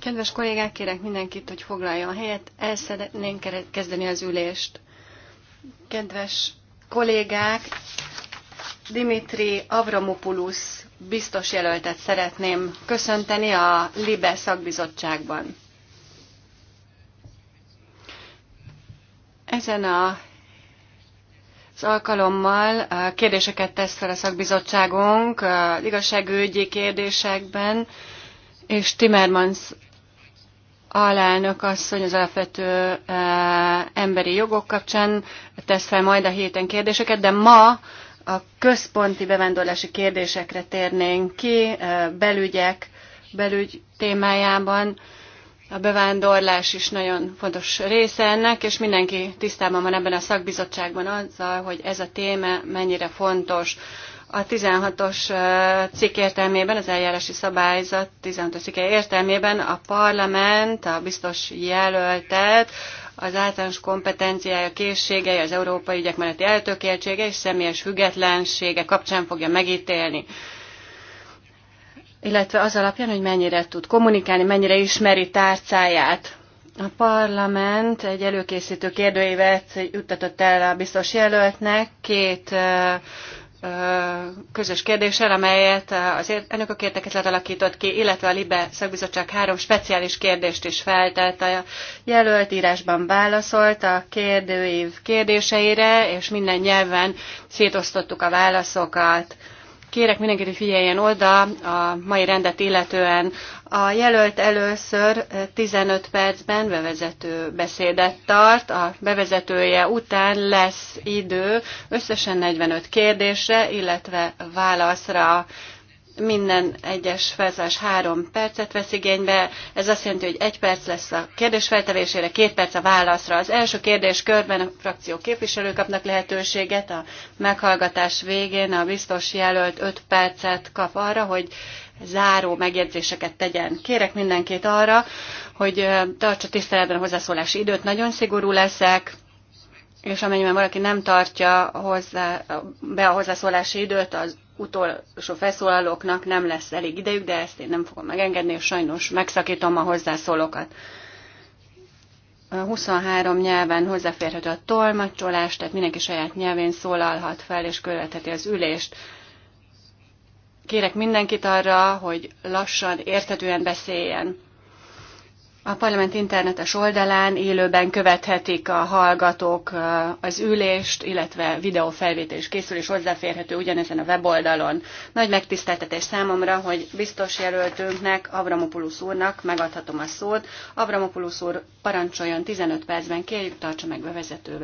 Kedves kollégák, kérek mindenkit, hogy foglalja a helyet. El szeretnénk kezdeni az ülést. Kedves kollégák, Dimitri Avramopoulos biztos jelöltet szeretném köszönteni a LIBE szakbizottságban. Ezen a az alkalommal kérdéseket tesz fel a szakbizottságunk igazságügyi kérdésekben, és Timmermans alelnök asszony az alapvető e, emberi jogok kapcsán tesz fel majd a héten kérdéseket, de ma a központi bevándorlási kérdésekre térnénk ki, e, belügyek, belügy témájában. A bevándorlás is nagyon fontos része ennek, és mindenki tisztában van ebben a szakbizottságban azzal, hogy ez a téma mennyire fontos. A 16-os cikk értelmében, az eljárási szabályzat 16-os cikke értelmében a parlament, a biztos jelöltet, az általános kompetenciája, készségei, az európai ügyek melletti eltökéltsége és személyes függetlensége kapcsán fogja megítélni illetve az alapján, hogy mennyire tud kommunikálni, mennyire ismeri tárcáját. A parlament egy előkészítő kérdőívet juttatott el a biztos jelöltnek, két közös kérdéssel, amelyet az elnökök értekezlet alakított ki, illetve a LIBE szakbizottság három speciális kérdést is feltett. A jelölt írásban válaszolt a kérdőív kérdéseire, és minden nyelven szétosztottuk a válaszokat. Kérek mindenkit, hogy figyeljen oda a mai rendet illetően. A jelölt először 15 eh, percben bevezető beszédet tart, a bevezetője után lesz idő összesen 45 kérdésre, illetve válaszra minden egyes felszólás három percet vesz igénybe. Ez azt jelenti, hogy egy perc lesz a kérdés feltevésére, két perc a válaszra. Az első kérdés körben a frakció képviselő kapnak lehetőséget, a meghallgatás végén a biztos jelölt öt percet kap arra, hogy záró megjegyzéseket tegyen. Kérek mindenkit arra, hogy tartsa tiszteletben a hozzászólási időt, nagyon szigorú leszek, és amennyiben valaki nem tartja hozzá, be a hozzászólási időt, az utolsó felszólalóknak nem lesz elég idejük, de ezt én nem fogom megengedni, és sajnos megszakítom a hozzászólókat. 23 nyelven hozzáférhető a tolmacsolás, tehát mindenki saját nyelvén szólalhat fel és követheti az ülést. Kérek mindenkit arra, hogy lassan, érthetően beszéljen. A parlament internetes oldalán élőben követhetik a hallgatók az ülést, illetve videófelvétel készül, és hozzáférhető ugyanezen a weboldalon. Nagy megtiszteltetés számomra, hogy biztos jelöltünknek, Avramopoulos úrnak megadhatom a szót. Avramopoulos úr parancsoljon 15 percben, kérjük tartsa meg bevezető